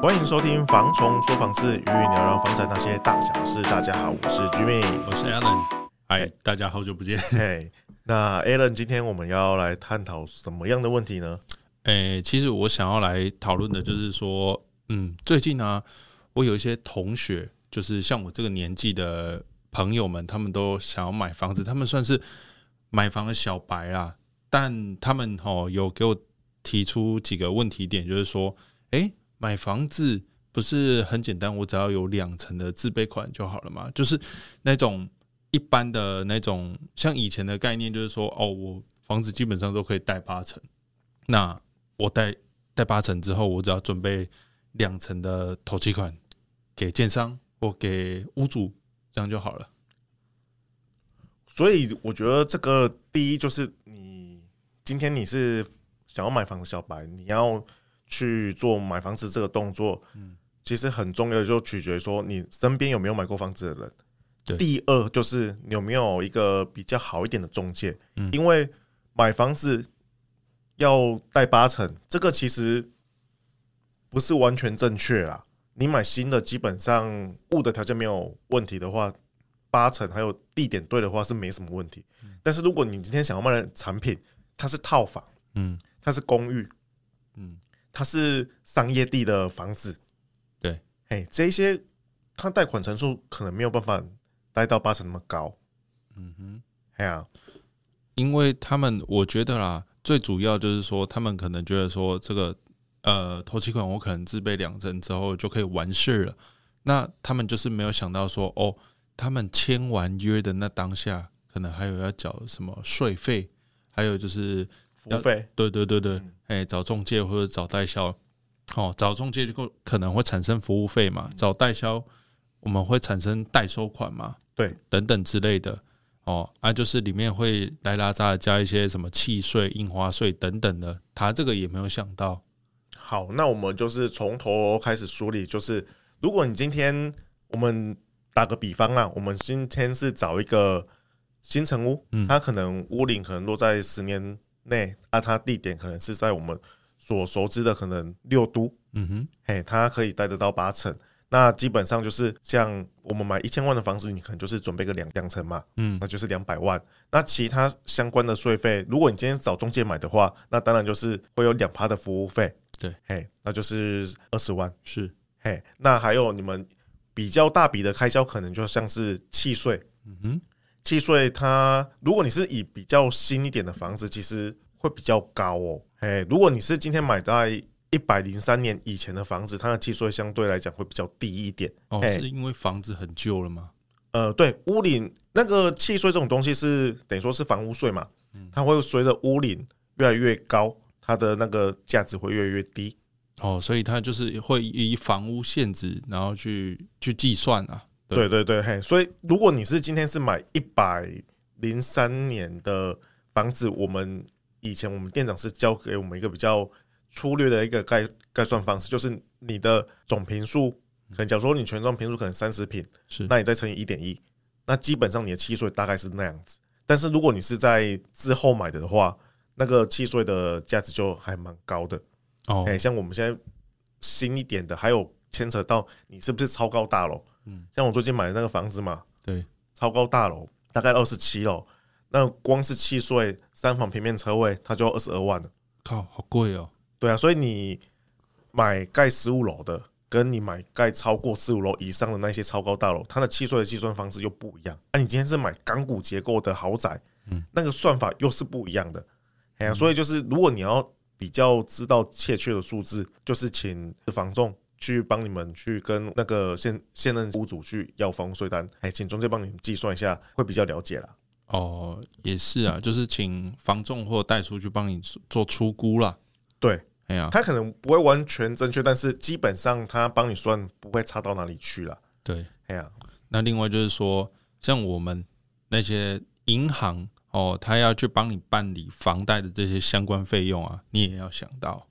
歡迎收聽《房蟲說房事》，與魚聊聊房產那些大小事。大家好，我是 Jimmy，我是 Allen。嗨、欸，大家好久不見。嘿、欸，那 Allen，今天我們要來探討什麼樣的問題呢？誒、欸，其實我想要來討論的就是說，嗯，最近呢、啊，我有一些同學，就是像我這個年紀的朋友們，他們都想要買房子，他們算是買房的小白啦，但他們哦，有給我提出幾個問題點，就是說，欸買房子不是很簡單，我只要有兩成的自備款就好了嘛？就是那種一般的那種，像以前的概念，就是說哦，我房子基本上都可以貸八成，那我貸貸八成之後，我只要準備兩成的頭期款給建商或給屋主，這樣就好了。所以我覺得這個第一就是你今天你是想要買房的小白，你要。去做買房子這個動作，嗯，其實很重要的就取決於說，你身邊有沒有買過房子的人。對，第二就是你有沒有一個比較好一點的中介，嗯、因為買房子要貸八成，這個其實不是完全正確啦。你買新的，基本上物的條件沒有問題的話，八成還有地點對的話是沒什麼問題。嗯、但是如果你今天想要賣的產品，它是套房，嗯，它是公寓，嗯。它是商業地的房子，對，哎、欸，這些他貸款成數可能沒有辦法貸到八成那麼高，嗯哼，還有、啊，因為他們，我覺得啦，最主要就是說，他們可能覺得說，這個呃，頭期款我可能自備兩成之後就可以完事了，那他們就是沒有想到說，哦，他們簽完約的那當下，可能還有要繳什麼稅費，還有就是。費，對對對對，哎、嗯，欸，找中介或者找代銷，哦，找中介就可能會產生服務費嘛，找代銷我們會產生代收款嘛，對，等等之類的，哦，啊，就是裡面會來拉扎加一些什麼契稅、印花稅等等的，他這個也沒有想到。好，那我們就是從頭開始梳理，就是如果你今天我們打個比方啊，我們今天是找一個新成屋，嗯，它可能屋齡可能落在十年。那、啊、它地點可能是在我們所熟知的可能六都，嗯哼，嘿，它可以貸得到八成。那基本上就是像我們買一千萬的房子，你可能就是準備個兩兩成嘛，嗯，那就是兩百萬。那其他相關的稅費，如果你今天找中介買的話，那當然就是會有兩趴的服務費，對，嘿，那就是二十萬，是，嘿，那還有你們比較大筆的開銷，可能就像是契稅，嗯哼。契稅，它如果你是以比較新一點的房子，其實會比較高哦。哎，如果你是今天買在一百零三年以前的房子，它的契稅相對來講會比較低一點。哦，是因為房子很舊了嗎？呃，對，屋齡那個契稅這種東西是等於說是房屋稅嘛，嗯，它會隨着屋齡越來越高，它的那個價值會越來越低。哦，所以它就是會以房屋現值，然後去去計算啊。對對對，嘿，所以如果你是今天是買一百零三年的房子，我們以前我們店長是教給我們一個比較粗略的一個概概算方式，就是你的總坪數，可能假如說你全幢坪數可能三十坪，是，那你再乘以一點一，那基本上你的契稅大概是那樣子。但是如果你是在之後買的話，那個契稅的價值就還蠻高的哦嘿。像我們現在新一點的，還有牽扯到你是不是超高大樓。嗯，像我最近買的那個房子嘛，對，超高大樓，大概二十七樓，那光是契稅、三房平面車位，它就二十二萬了，靠，好貴哦、喔。對啊，所以你買蓋十五樓的，跟你買蓋超過十五樓以上的那些超高大樓，它的契稅的計算方式又不一樣。那、啊、你今天是買鋼骨結構的豪宅，嗯，那個算法又是不一樣的。哎呀、啊，所以就是如果你要比較知道確切的數字，就是請房仲。去幫你們去跟那個現現任屋主去要房屋稅單，哎、欸，請中介幫你們計算一下，會比較了解啦。哦，也是啊，就是請房仲或代書去幫你做出估啦。對，哎呀、啊，他可能不會完全正確，但是基本上他幫你算不會差到哪裡去了。對，哎呀、啊，那另外就是說，像我們那些銀行哦，他要去幫你辦理房貸的這些相關費用啊，你也要想到。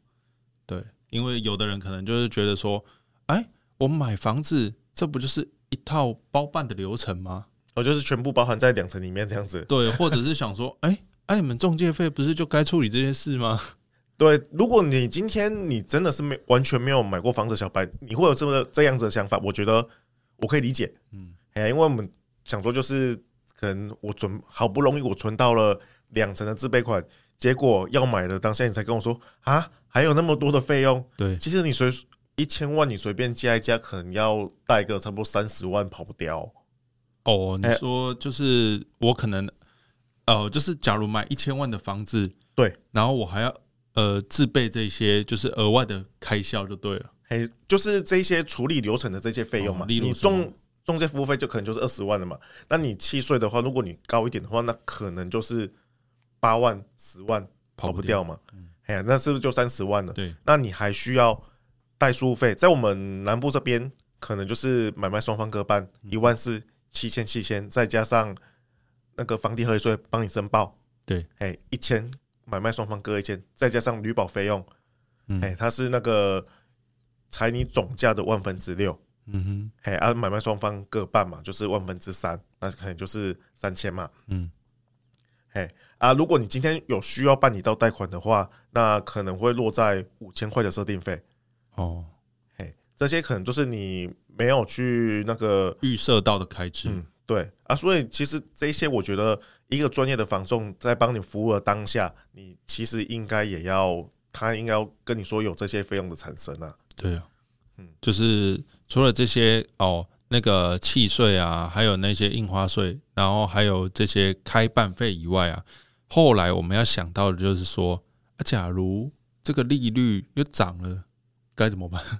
對。因為有的人可能就是覺得說，哎、欸，我買房子，這不就是一套包辦的流程嗎？哦，就是全部包含在兩成裡面這樣子。對，或者是想說，哎、 欸，哎、啊，你們中介費不是就該處理這件事嗎？對，如果你今天你真的是沒完全沒有買過房子，小白，你會有這麼這樣子的想法，我覺得我可以理解。嗯，哎、欸，因為我們想說，就是可能我存，好不容易我存到了兩成的自備款，結果要買的當下你才跟我說啊。還有那麼多的費用，對，其實你隨一千萬，你隨便加一加，可能要貸個差不多三十萬跑不掉哦。哦，你說就是我可能，欸、呃，就是假如買一千萬的房子，對，然後我還要呃自備這些，就是額外的開銷就對了。嘿、欸，就是這些處理流程的這些費用嘛，哦、例如你中中介服務費就可能就是二十萬了嘛。那你契稅的話，如果你高一點的話，那可能就是八萬、十萬跑不,跑不掉嘛。嗯哎、hey, 那是不是就三十萬了？對，那你還需要代書費，在我們南部這邊，可能就是買賣雙方各半，一、嗯、萬四，是七千七千，再加上那個房地合一稅幫你申報。對，哎，一千買賣雙方各一千，再加上履保費用，哎、嗯，hey, 它是那個財你總價的萬分之六。嗯哼，哎，按買賣雙方各半嘛，就是萬分之三，那可能就是三千嘛。嗯。哎、欸、啊，如果你今天有需要辦理到貸款的話，那可能會落在五千塊的設定費。哦，嘿、欸，這些可能就是你沒有去那個預設到的開支。嗯，對啊，所以其實這些，我覺得一個專業的房仲在幫你服務的當下，你其實應該也要他應該要跟你說有這些費用的產生啊。對啊，嗯，就是除了這些哦。那個契稅啊，還有那些印花稅，然後還有這些開辦費以外啊，後來我們要想到的就是說，啊，假如這個利率又漲了，該怎麼辦？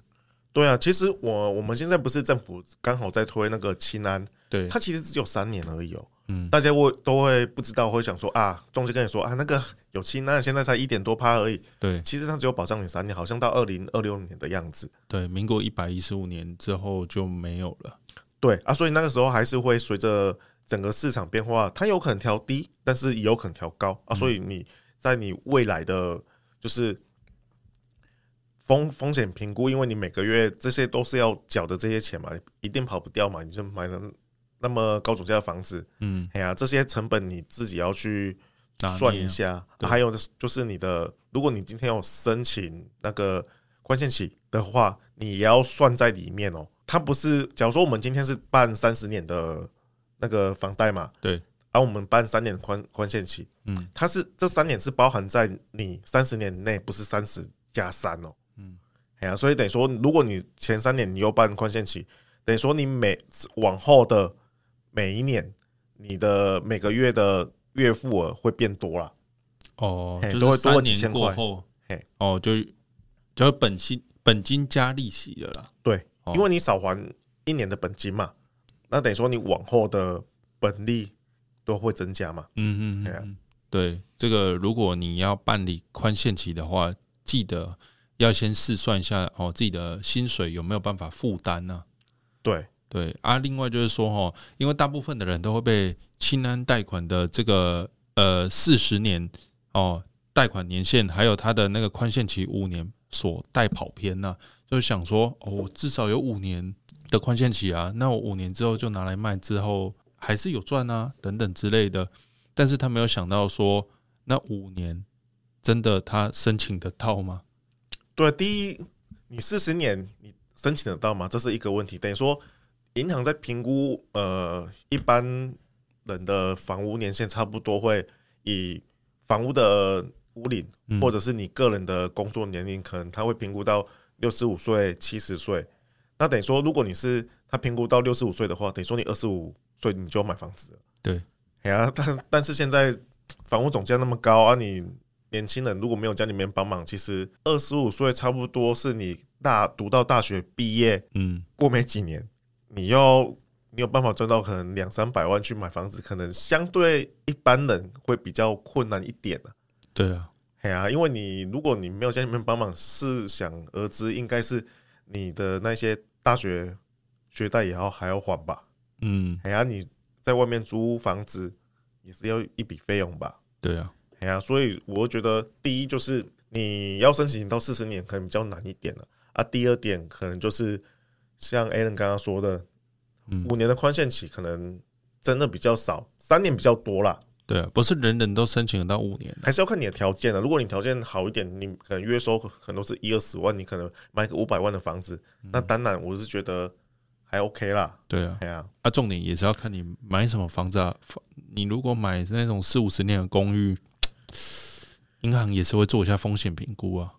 對啊，其實我我們現在不是政府剛好在推那個青安，對，它其實只有三年而已哦。嗯，大家會都會不知道，會想說啊，中介跟你說啊，那個有期，那你現在才一點多趴而已。對，其實它只有保障你三年，好像到二零二六年的樣子。對，民國一百一十五年之後就沒有了。對啊，所以那個時候還是會隨着整個市場變化，它有可能調低，但是也有可能調高啊，嗯。所以你在你未來的就是風風險評估，因為你每個月這些都是要繳的這些錢嘛，一定跑不掉嘛，你就買了。那麼高總價的房子，嗯，哎呀、啊，這些成本你自己要去算一下。啊啊、還有就是你的，如果你今天要申請那個寬限期的話，你也要算在裡面哦、喔。它不是，假如說我們今天是辦三十年的那個房貸嘛，對，而、啊、我們辦三年寬寬限期，嗯，它是這三年是包含在你三十年內，不是三十加三哦，嗯，哎呀、啊，所以等於說，如果你前三年你又辦寬限期，等於說你每往後的。每一年，你的每個月的月付額會變多啦，哦，就是多年過後，嘿，哦，就就本金本金加利息的啦，對、哦，因為你少還一年的本金嘛，那等於說你往後的本利都會增加嘛，嗯嗯嗯、啊，對，這個如果你要辦理寬限期的話，記得要先試算一下哦，自己的薪水有沒有辦法負擔呢？對。對，啊，另外就是說，哦，因為大部分的人都會被青安貸款的這個呃四十年哦貸款年限，還有他的那個寬限期五年所帶跑偏吶、啊，就想說，哦，至少有五年的寬限期啊，那我五年之後就拿來賣之後還是有賺啊，等等之類的。但是他沒有想到說，那五年真的他申請得到嗎？對，第一，你四十年你申請得到嗎？這是一個問題，等於說。銀行在評估呃一般人的房屋年限，差不多會以房屋的屋齡，或者是你個人的工作年齡，可能他會評估到六十五歲、七十歲。那等於說，如果你是他評估到六十五歲的話，等於說你二十五歲你就買房子了。對呀，但但是現在房屋總價那麼高啊，你年輕人如果沒有家裡面幫忙，其實二十五歲差不多是你大讀到大學畢業，嗯，過沒幾年。嗯你要你有辦法賺到可能兩三百萬去買房子，可能相對一般人會比較困難一點啊。對啊，因為你如果你沒有家裡面幫忙，試想而知，應該是你的那些大學學貸也要還要還吧。嗯，哎呀、啊，你在外面租房子也是要一筆費用吧。對啊，啊，所以我覺得第一就是你要申請到四十年可能比較難一點了啊，啊。第二點可能就是。像 Alan 剛剛說的，五年的寬限期可能真的比較少，三年比較多啦。對，啊，不是人人都申請得到五年，還是要看你的條件了、啊。如果你條件好一點，你可能月收可能都是一二十萬，你可能買個五百萬的房子，那當然我是覺得還 OK 啦。對啊，對啊，啊，重點也是要看你買什麼房子。啊，你如果買那種四五十年的公寓，銀行也是會做一下風險評估啊。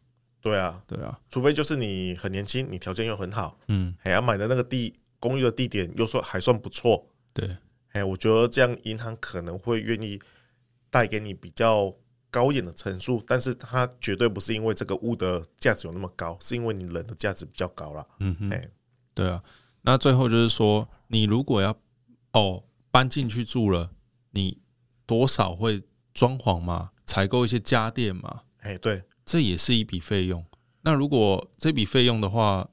對啊，對啊，除非就是你很年輕，你條件又很好，嗯，還、hey, 要、啊、買的那個地公寓的地點又算還算不錯，對，哎、hey,，我覺得這樣銀行可能會願意貸給你比較高一點的成數，但是它絕對不是因為這個物的價值有那麼高，是因為你人的價值比較高了，嗯哼、hey，對啊，那最後就是說，你如果要哦搬進去住了，你多少會裝潢嘛，採購一些家電嘛，哎、hey,，對。這也是一筆費用。那如果這筆費用的話，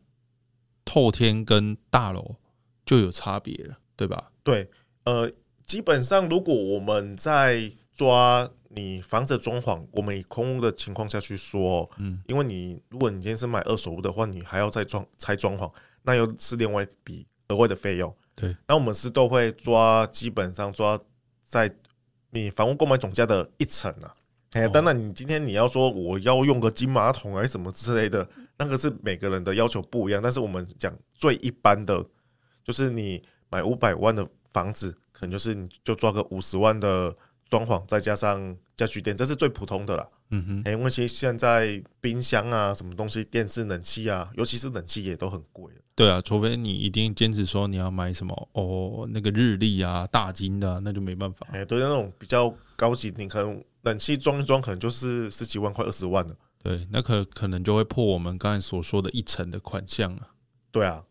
透天跟大樓就有差別了，對吧？對，呃，基本上如果我們在抓你房子的裝潢，我們以空屋的情況下去說，嗯，因為你如果你今天是買二手屋的話，你還要再裝拆裝潢，那又是另外一筆額外的費用。對，那我們是都會抓，基本上抓在你房屋購買總價的一成啊。哎、啊，當然，你今天你要說我要用個金馬桶還是什麼之類的，那個是每個人的要求不一樣。但是我們講最一般的，就是你買五百萬的房子，可能就是你就抓個五十萬的裝潢，再加上家具店，這是最普通的了。嗯哼，哎，因為其實現在冰箱啊，什麼東西，電視、冷氣啊，尤其是冷氣也都很貴。對啊，除非你一定堅持說你要買什麼哦，那個日立啊、大金的、啊，那就沒辦法。哎、啊，對那種比較高級你可能。冷氣裝一裝，可能就是十幾萬塊、二十萬了。對，那可可能就會破我們剛才所說的一成的款項了、啊。對啊，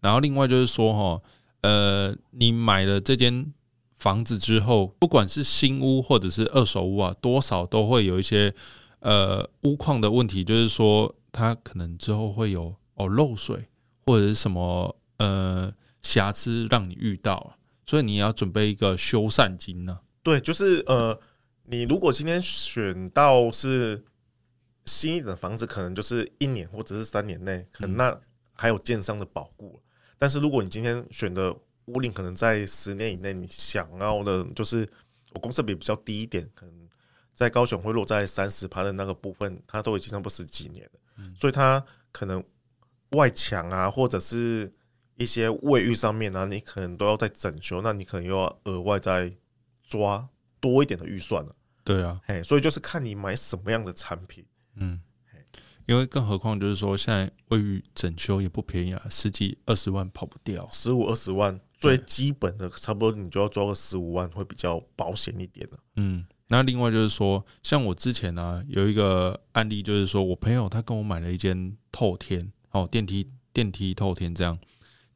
然後另外就是說，哈，呃，你買了這間房子之後，不管是新屋或者是二手屋啊，多少都會有一些呃屋況的問題，就是說它可能之後會有哦漏水或者是什麼呃瑕疵讓你遇到、啊，所以你要準備一個修繕金呢、啊。對，就是呃。你如果今天選到是新一等的房子，可能就是一年或者是三年內，可能那還有建商的保固。但是如果你今天選的屋齡可能在十年以內，你想要的，就是我公設比比較低一點，可能在高雄會落在三十趴的那個部分，它都已經差不多十幾年了，所以它可能外牆啊或者是一些衛浴上面啊，你可能都要在整修，那你可能又要額外再抓。多一點的預算了，對啊，哎，所以就是看你買什麼樣的產品，嗯，因為更何況就是說，現在衛浴整修也不便宜啊，十幾二十萬跑不掉，十五二十萬最基本的，差不多你就要抓個十五萬，會比較保險一點，嗯。那另外就是說，像我之前呢、啊、有一個案例，就是說我朋友他跟我買了一間透天哦，電梯電梯透天這樣，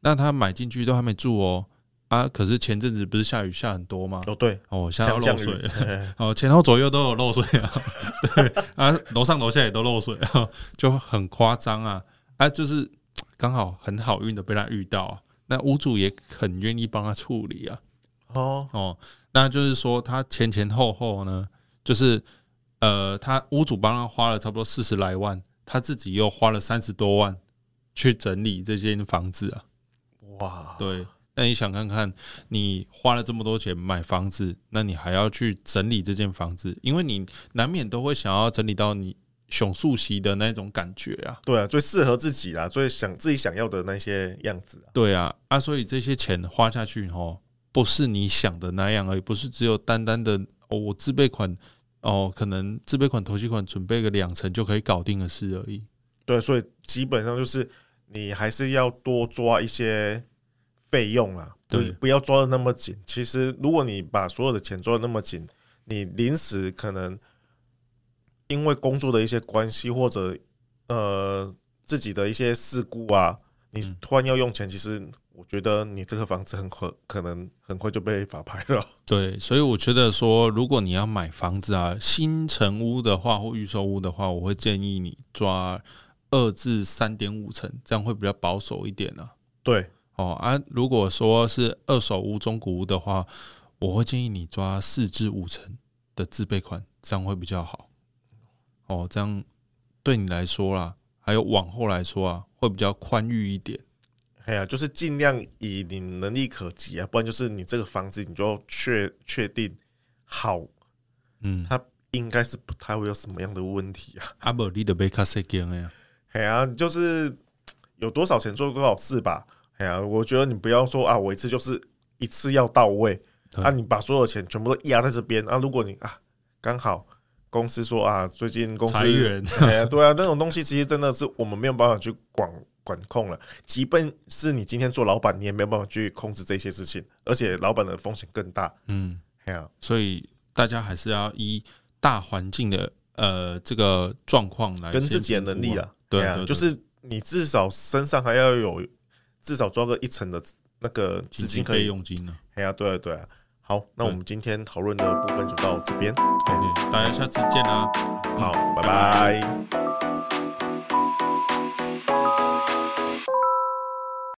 那他買進去都還沒住哦。啊！可是前陣子不是下雨下很多嗎？對哦，對，下到漏水哦， 前後左右都有漏水啊。 對啊，樓上樓下也都漏水啊，就很誇張啊！啊，就是剛好很好運的被他遇到啊，那屋主也很願意幫他處理啊。哦哦，那就是說他前前後後呢，就是呃，他屋主幫他花了差不多四十來萬，他自己又花了三十多萬去整理這間房子啊。哇！對。那你想看看，你花了這麼多錢買房子，那你還要去整理這間房子，因為你難免都會想要整理到你熊樹熙的那種感覺啊。對啊，最適合自己啦，最想自己想要的那些樣子，啊。對啊，啊，所以這些錢花下去哦、喔，不是你想的那樣而已，不是只有單單的哦，我自備款哦，可能自備款、頭期款準備個兩成就可以搞定的事而已。對、啊，所以基本上就是你還是要多抓一些。費用了，就是，對，不要抓的那麼緊。其實，如果你把所有的錢抓的那麼緊，你臨時可能因為工作的一些關係，或者呃自己的一些事故啊，你突然要用錢，嗯、其實我覺得你這個房子很可可能很快就被法拍了。對，所以我覺得說，如果你要買房子啊，新成屋的話或預售屋的話，我會建議你抓二至三點五成，這樣會比較保守一點啊。對。哦啊，如果說是二手屋、中古屋的話，我會建議你抓四至五成的自備款，這樣會比較好。哦，這樣對你來說啦，還有往後來說啊，會比較寬裕一點。係啊，就是盡量以你能力可及啊，不然就是你這個房子你就確確定好，嗯，它應該是不太會有什麼樣的問題啊。啊，不然你就買比較小型的啊。係啊，就是有多少錢做多少事吧。哎呀，我覺得你不要說啊，我一次就是一次要到位、嗯、啊！你把所有錢全部都壓在這邊啊！如果你啊，剛好公司說啊，最近公司裁員、哎呀，對啊， 那種東西其實真的是我們沒有辦法去管管控了。即便是你今天做老闆，你也沒有辦法去控制這些事情，而且老闆的風險更大。嗯，哎呀，所以大家還是要依大環境的呃這個狀況來、啊、跟自己的能力啊，對啊、哎，就是你至少身上還要有。至少抓個一成的那個資金可以用金了。哎呀，對對對啊！啊啊、好，那我們今天討論的部分就到這邊。大家下次見啊！好，拜拜。